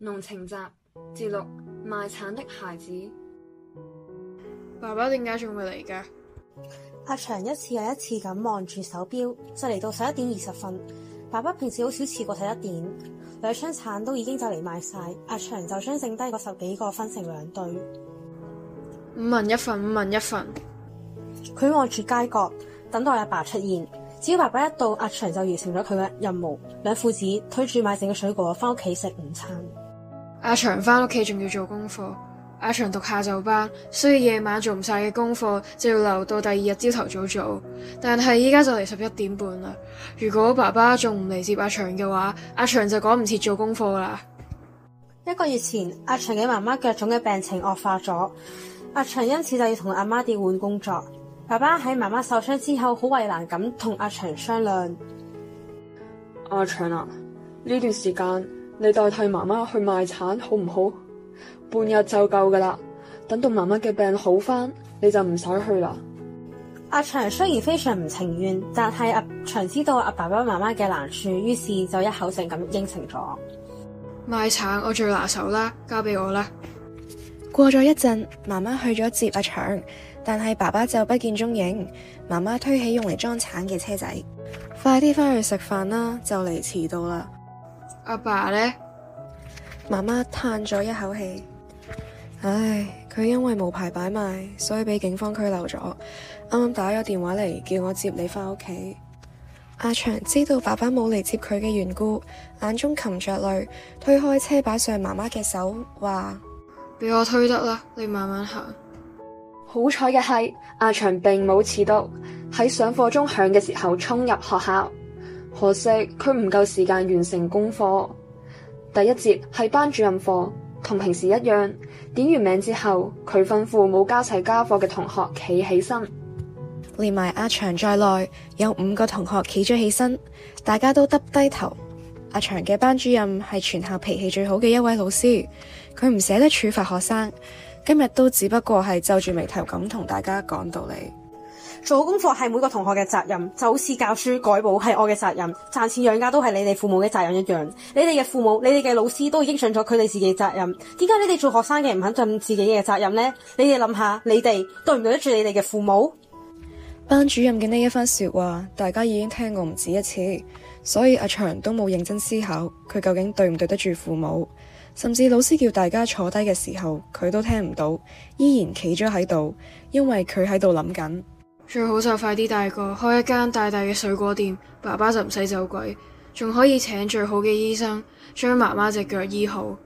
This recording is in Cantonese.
《濃情集》節錄《賣橙的孩子》。爸爸點解仲未嚟嘅？阿祥一次又一次咁望住手表，就嚟到十一點二十分。爸爸平時好少遲過十一點。兩箱橙都已經就嚟賣晒，阿祥就將剩低嗰十幾個分成兩堆，五蚊一份，五蚊一份。佢望住街角，等待阿爸出現。只要爸爸一到，阿祥就完成咗佢嘅任務。兩父子推住賣剩嘅水果翻屋企食午餐。阿祥翻屋企仲要做功課，阿祥讀下晝班，所以夜晚做唔晒嘅功課就要留到第二日朝頭早做。但係依家就嚟十一點半啦，如果爸爸仲唔嚟接阿祥嘅話，阿祥就趕唔切做功課啦。一個月前，阿祥嘅媽媽腳腫嘅病情惡化咗，阿祥因此就要同阿媽調換工作。爸爸喺媽媽受傷之後，好為難咁同阿祥商量。阿祥啊，呢段時間。你代替媽媽去賣橙好唔好？半日就夠㗎啦，等到媽媽嘅病好返，你就唔使去啦。阿祥雖然非常唔情願，但係阿祥知道阿爸爸媽媽嘅難處，於是就一口聲咁應承咗。賣橙我最拿手啦，交俾我啦。過咗一陣，媽媽去咗接阿祥，但係爸爸就不見蹤影。媽媽推起用嚟裝橙嘅車仔，快啲返去食飯啦，就嚟遲到啦。阿爸,爸呢？媽媽嘆咗一口氣，唉，佢因為無牌擺賣，所以俾警方拘留咗。啱啱打咗電話嚟，叫我接你返屋企。阿祥知道爸爸冇嚟接佢嘅緣故，眼中噙着淚，推開車把上媽媽嘅手，話：俾我推得啦，你慢慢行。好彩嘅係，阿祥並冇遲到，喺上課鐘響嘅時候衝入學校。可惜佢唔夠時間完成功課。第一節係班主任課，同平時一樣，點完名之後，佢吩咐冇交齊家課嘅同學企起身，連埋阿祥在內有五個同學企咗起身，大家都耷低頭。阿祥嘅班主任係全校脾氣最好嘅一位老師，佢唔捨得處罰學生，今日都只不過係皺住眉頭咁同大家講道理。做功課係每個同學嘅責任，就好似教書改簿係我嘅責任，賺錢養家都係你哋父母嘅責任一樣。你哋嘅父母、你哋嘅老師都已經盡咗佢哋自己責任，點解你哋做學生嘅唔肯盡自己嘅責任咧？你哋諗下，你哋對唔對得住你哋嘅父母？班主任嘅呢一番說話，大家已經聽過唔止一次，所以阿翔都冇認真思考佢究竟對唔對得住父母。甚至老師叫大家坐低嘅時候，佢都聽唔到，依然企咗喺度，因為佢喺度諗緊。最好就快啲大個，開一間大大嘅水果店，爸爸就唔使走鬼，仲可以請最好嘅醫生，將媽媽隻腳醫好。